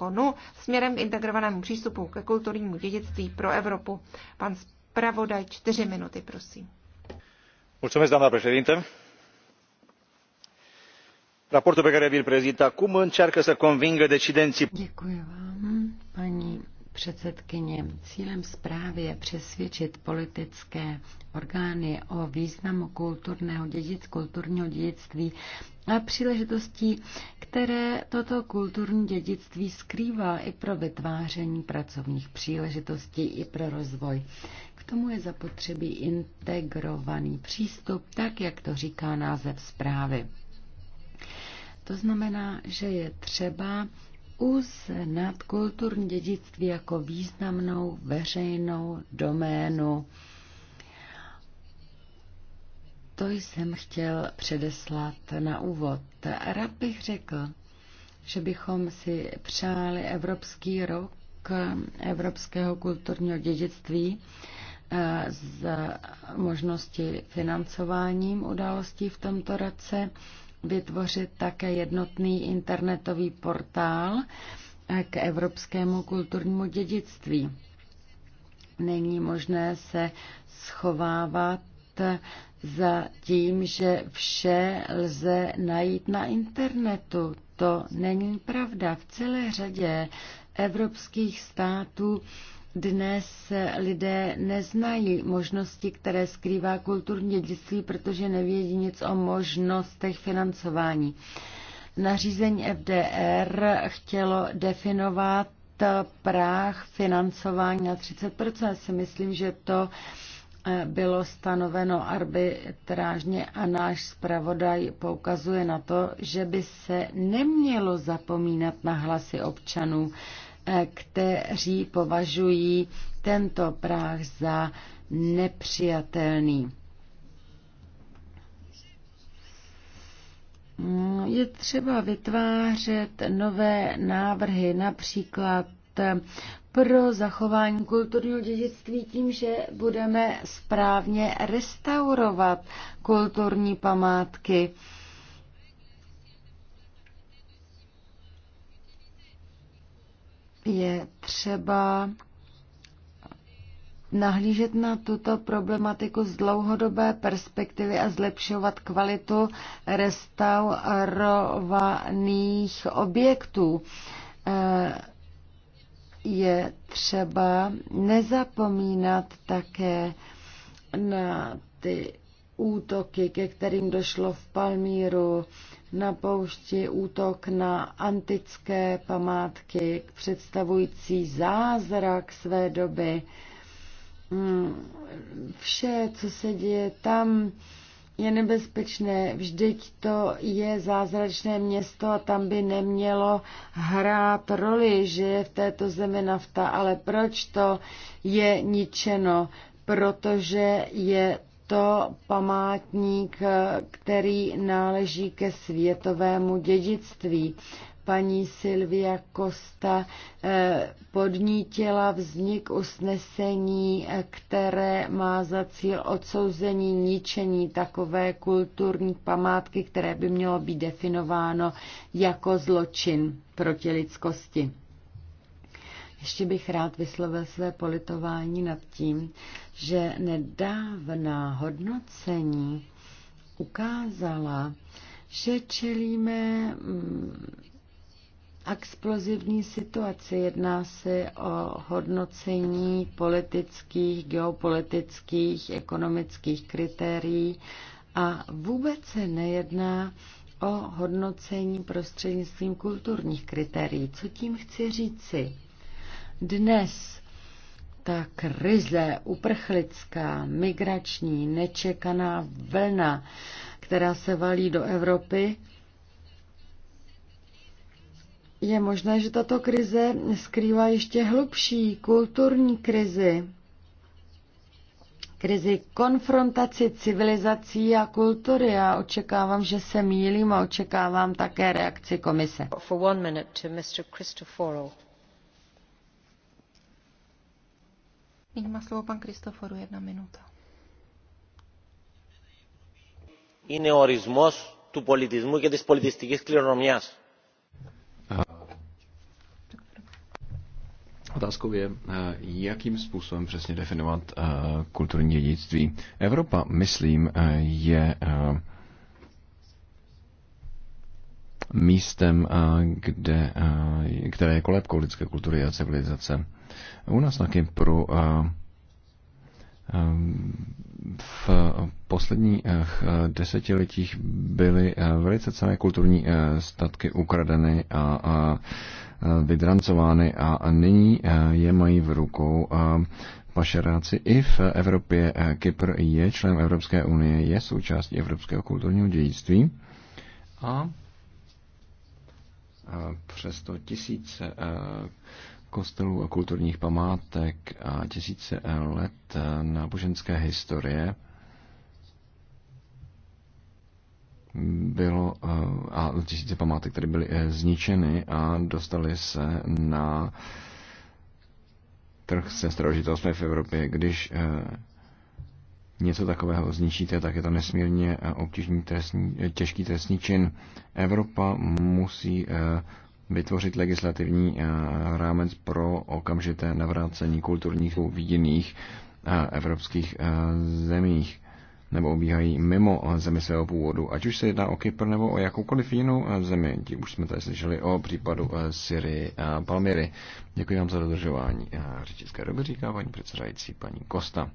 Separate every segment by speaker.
Speaker 1: Ekonu směrem k integrovanému přístupu ke kulturnímu dědictví pro Evropu. Pan zpravodaj, čtyři minuty, prosím.
Speaker 2: Mulțumesc, doamna președinte. Raportul pe care vi-l prezint acum încearcă să convingă decidenții.
Speaker 3: Děkuji vám, paní předsedkyně. Cílem zprávy je přesvědčit politické orgány o významu kulturného dědic, kulturního dědictví příležitostí, které toto kulturní dědictví skrývá i pro vytváření pracovních příležitostí, i pro rozvoj. K tomu je zapotřebí integrovaný přístup, tak jak to říká název zprávy. To znamená, že je třeba uznat kulturní dědictví jako významnou veřejnou doménu to jsem chtěl předeslat na úvod. Rád bych řekl, že bychom si přáli Evropský rok evropského kulturního dědictví eh, z možnosti financováním událostí v tomto roce, vytvořit také jednotný internetový portál eh, k evropskému kulturnímu dědictví. Není možné se schovávat eh, za tím, že vše lze najít na internetu. To není pravda. V celé řadě evropských států dnes lidé neznají možnosti, které skrývá kulturní dědictví, protože nevědí nic o možnostech financování. Nařízení FDR chtělo definovat práh financování na 30%. Já si myslím, že to E, bylo stanoveno arbitrážně a náš zpravodaj poukazuje na to, že by se nemělo zapomínat na hlasy občanů, e, kteří považují tento práh za nepřijatelný. Mm, je třeba vytvářet nové návrhy, například pro zachování kulturního dědictví tím, že budeme správně restaurovat kulturní památky. Je třeba nahlížet na tuto problematiku z dlouhodobé perspektivy a zlepšovat kvalitu restaurovaných objektů eh, je třeba nezapomínat také na ty útoky, ke kterým došlo v Palmíru, na poušti útok na antické památky, představující zázrak své doby. Hmm, vše, co se děje tam, je nebezpečné. Vždyť to je zázračné město a tam by nemělo hrát roli, že je v této zemi nafta. Ale proč to je ničeno? Protože je to památník, který náleží ke světovému dědictví paní Silvia Costa eh, podnítila vznik usnesení, eh, které má za cíl odsouzení ničení takové kulturní památky, které by mělo být definováno jako zločin proti lidskosti. Ještě bych rád vyslovil své politování nad tím, že nedávná hodnocení ukázala, že čelíme mm, explozivní situaci. Jedná se o hodnocení politických, geopolitických, ekonomických kritérií a vůbec se nejedná o hodnocení prostřednictvím kulturních kritérií. Co tím chci říci? Dnes ta krize uprchlická, migrační, nečekaná vlna, která se valí do Evropy, je možné, že tato krize skrývá ještě hlubší kulturní krizi, krizi konfrontaci civilizací a kultury. Já očekávám, že se mílím a očekávám také reakci komise.
Speaker 1: Nyní má slovo pan Kristoforu, jedna minuta.
Speaker 2: Είναι ορισμός
Speaker 1: του πολιτισμού και της πολιτιστικής κληρονομιάς
Speaker 2: Otázkou je, eh, jakým způsobem přesně definovat eh, kulturní dědictví. Evropa, myslím, eh, je místem, kde, které je kolébkou lidské kultury a civilizace. U nás taky pro Ehm, v posledních eh, desetiletích byly eh, velice celé kulturní eh, statky ukradeny a vydrancovány a nyní je mají v rukou pašeráci i v Evropě. Kypr je člen Evropské unie, je součástí evropského kulturního dědictví a přesto tisíce kostelů a kulturních památek a tisíce let náboženské historie bylo eh, a tisíce památek které byly eh, zničeny a dostaly se na trh se starožitostmi v Evropě. Když eh, něco takového zničíte, tak je to nesmírně obtížný trestní, těžký trestní čin. Evropa musí vytvořit legislativní eh, rámec pro okamžité navrácení kulturních jiných eh, evropských eh, zemích nebo obíhají mimo zemi svého původu, ať už se jedná o Kypr nebo o jakoukoliv jinou zemi. Ti už jsme tady slyšeli o případu Syrii a Palmyry. Děkuji vám za dodržování řečnické doby, říká paní předsedající paní Kosta.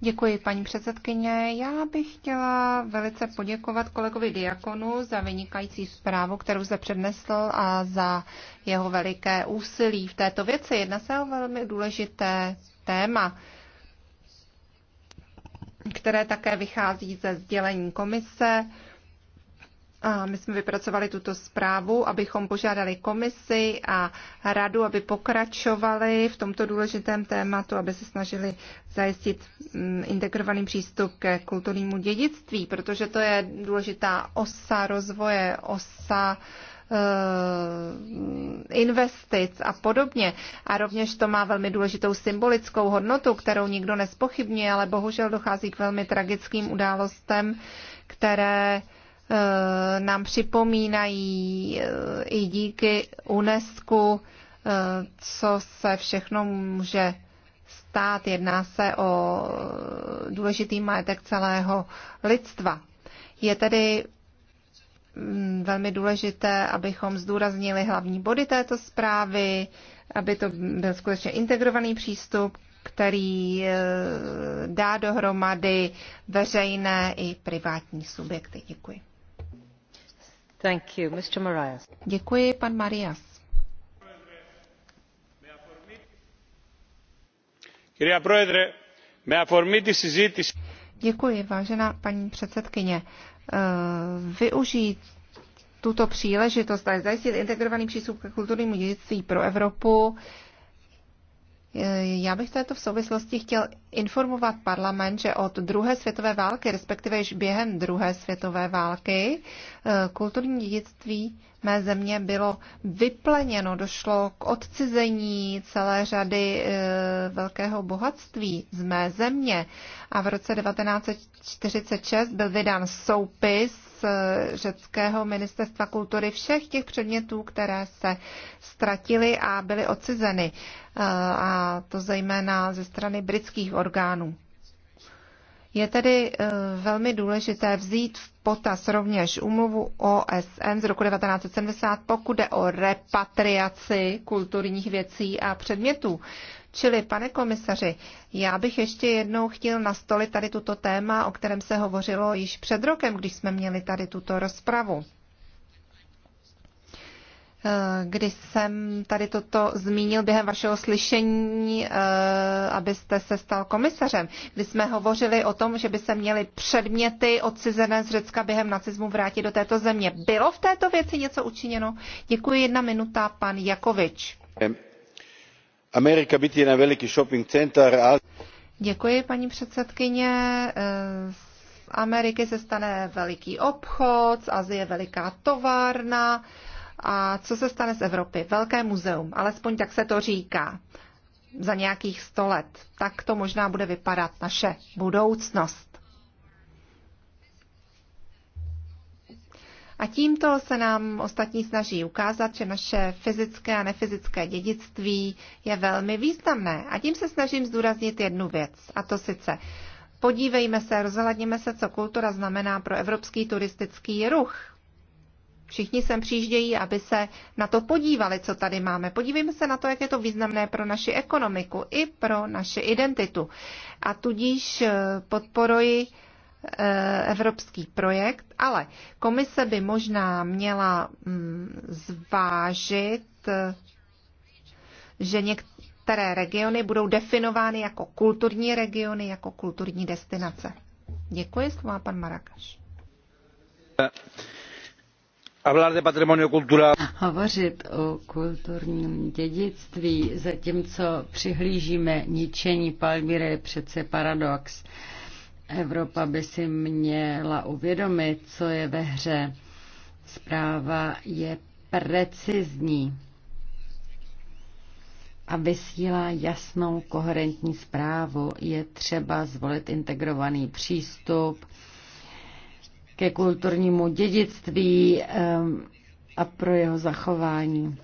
Speaker 1: Děkuji, paní předsedkyně. Já bych chtěla velice poděkovat kolegovi Diakonu za vynikající zprávu, kterou se přednesl a za jeho veliké úsilí v této věci. Jedná se o velmi důležité téma, které také vychází ze sdělení komise a my jsme vypracovali tuto zprávu, abychom požádali komisi a radu, aby pokračovali v tomto důležitém tématu, aby se snažili zajistit mm, integrovaný přístup ke kulturnímu dědictví, protože to je důležitá osa rozvoje, osa eh, investic a podobně. A rovněž to má velmi důležitou symbolickou hodnotu, kterou nikdo nespochybňuje, ale bohužel dochází k velmi tragickým událostem, které Eh, nám připomínají eh, i díky UNESCO, eh, co se všechno může stát. Jedná se o důležitý majetek celého lidstva. Je tedy mm, velmi důležité, abychom zdůraznili hlavní body této zprávy, aby to byl skutečně integrovaný přístup, který dá dohromady veřejné i privátní subjekty. Děkuji. Děkuji, vážená paní předsedkyně. Eh, využít tuto příležitost a zajistit integrovaný přístup k kulturnímu dědictví pro Evropu já bych této v souvislosti chtěl informovat parlament, že od druhé světové války, respektive již během druhé světové války, eh, kulturní dědictví mé země bylo vypleněno, došlo k odcizení celé řady eh, velkého bohatství z mé země. A v roce 1946 byl vydán soupis z řeckého ministerstva kultury všech těch předmětů, které se ztratily a byly odcizeny, eh, a to zejména ze strany britských orgánů. Je tedy eh, velmi důležité vzít v potaz rovněž umluvu OSN z roku 1970, pokud jde o repatriaci kulturních věcí a předmětů. Čili, pane komisaři, já bych ještě jednou chtěl nastolit tady tuto téma, o kterém se hovořilo již před rokem, když jsme měli tady tuto rozpravu eh, kdy jsem tady toto zmínil během vašeho slyšení, eh, abyste se stal komisařem, kdy jsme hovořili o tom, že by se měly předměty odcizené z Řecka během nacismu vrátit do této země. Bylo v této věci něco učiněno? Děkuji, jedna minuta, pan Jakovič
Speaker 2: amerika biti jedan veliki shopping
Speaker 3: centar
Speaker 1: Děkuji, paní předsedkyně. Z Ameriky se stane veliký obchod, z Azie veliká továrna. A co se stane z Evropy? Velké muzeum, alespoň tak se to říká. Za nějakých sto let. Tak to možná bude vypadat naše budoucnost. A tímto se nám ostatní snaží ukázat, že naše fyzické a nefyzické dědictví je velmi významné. A tím se snažím zdůraznit jednu věc, a to sice podívejme se, rozhledněme se, co kultura znamená pro evropský turistický ruch. Všichni sem přijíždějí, aby se na to podívali, co tady máme. Podívejme se na to, jak je to významné pro naši ekonomiku i pro naši identitu. A tudíž eh, podporuji Eh, evropský projekt, ale komise by možná měla mm, zvážit, eh, že některé regiony budou definovány jako kulturní regiony, jako kulturní destinace. Děkuji, slovo má pan Marakaš.
Speaker 3: Hovořit o kulturním dědictví, zatímco přihlížíme ničení Palmyry, je přece paradox. Evropa by si měla uvědomit, co je ve hře. Zpráva je precizní a vysílá jasnou, koherentní zprávu. Je třeba zvolit integrovaný přístup ke kulturnímu dědictví ehm, a pro jeho zachování.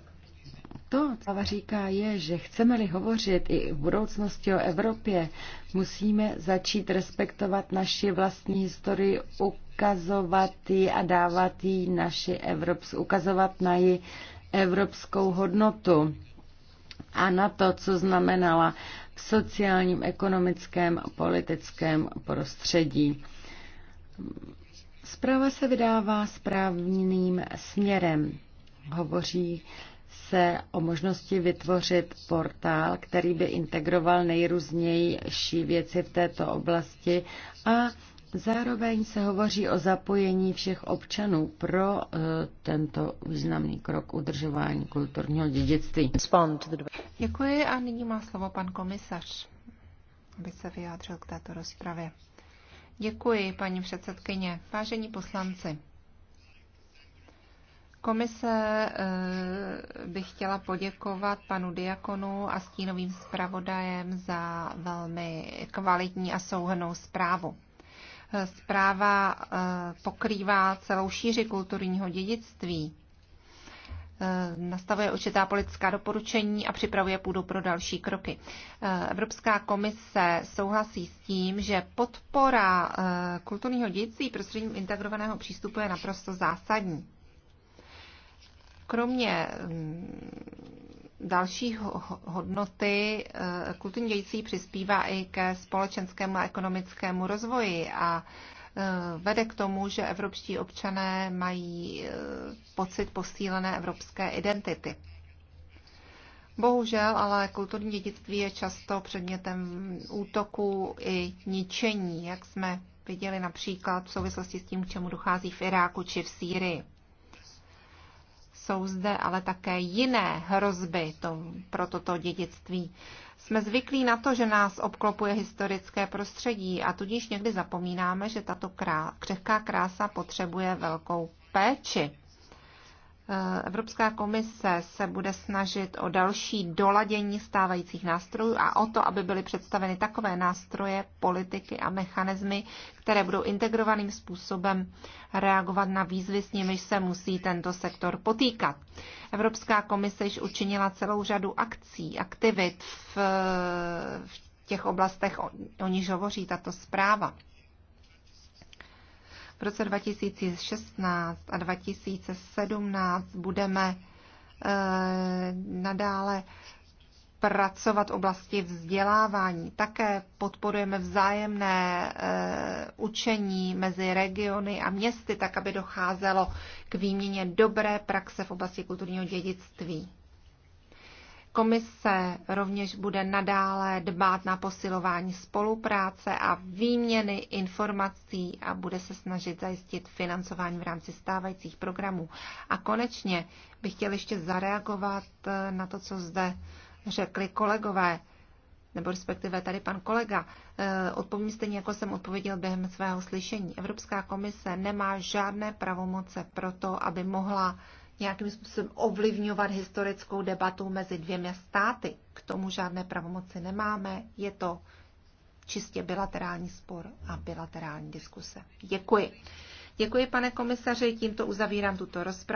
Speaker 3: To, co říká, je, že chceme-li hovořit i v budoucnosti o Evropě, musíme začít respektovat naši vlastní historii, ukazovat ji a dávat ji naši Evrops, ukazovat na ji evropskou hodnotu a na to, co znamenala v sociálním, ekonomickém, politickém prostředí. Zpráva se vydává správným směrem. Hovoří se o možnosti vytvořit portál, který by integroval nejrůznější věci v této oblasti a zároveň se hovoří o zapojení všech občanů pro eh, tento významný krok udržování kulturního dědictví.
Speaker 1: Děkuji a nyní má slovo pan komisař, aby se vyjádřil k této rozpravě. Děkuji, paní předsedkyně. Vážení poslanci, Komise eh, by chtěla poděkovat panu Diakonu a stínovým zpravodajem za velmi kvalitní a souhrnou zprávu. Eh, zpráva eh, pokrývá celou šíři kulturního dědictví, nastavuje určitá politická doporučení a připravuje půdu pro další kroky. Evropská komise souhlasí s tím, že podpora kulturního dědictví prostřednictvím integrovaného přístupu je naprosto zásadní. Kromě mm, další hodnoty eh, kulturní dědictví přispívá i ke společenskému a ekonomickému rozvoji a eh, vede k tomu, že evropští občané mají eh, pocit posílené evropské identity. Bohužel, ale kulturní dědictví je často předmětem útoku i ničení, jak jsme viděli například v souvislosti s tím, k čemu dochází v Iráku či v Sýrii jsou zde ale také jiné hrozby to, pro toto dědictví. Jsme zvyklí na to, že nás obklopuje historické prostředí a tudíž někdy zapomínáme, že tato krá, křehká krása potřebuje velkou péči. Eh, Evropská komise se bude snažit o další doladění stávajících nástrojů a o to, aby byly představeny takové nástroje, politiky a mechanismy, které budou integrovaným způsobem reagovat na výzvy, s nimiž se musí tento sektor potýkat. Evropská komise již učinila celou řadu akcí, aktivit v, v těch oblastech, o, o níž hovoří tato zpráva. V roce 2016 a 2017 budeme eh, nadále pracovat v oblasti vzdělávání. Také podporujeme vzájemné eh, učení mezi regiony a městy, tak aby docházelo k výměně dobré praxe v oblasti kulturního dědictví. Komise rovněž bude nadále dbát na posilování spolupráce a výměny informací a bude se snažit zajistit financování v rámci stávajících programů. A konečně bych chtěl ještě zareagovat eh, na to, co zde řekli kolegové, nebo respektive tady pan kolega. Eh, odpovím stejně, jako jsem odpověděl během svého slyšení. Evropská komise nemá žádné pravomoce pro to, aby mohla nějakým způsobem ovlivňovat historickou debatu mezi dvěma státy. K tomu žádné pravomoci nemáme, je to čistě bilaterální spor a bilaterální diskuse. Děkuji. Děkuji, pane komisaři, tímto uzavírám tuto rozpravu.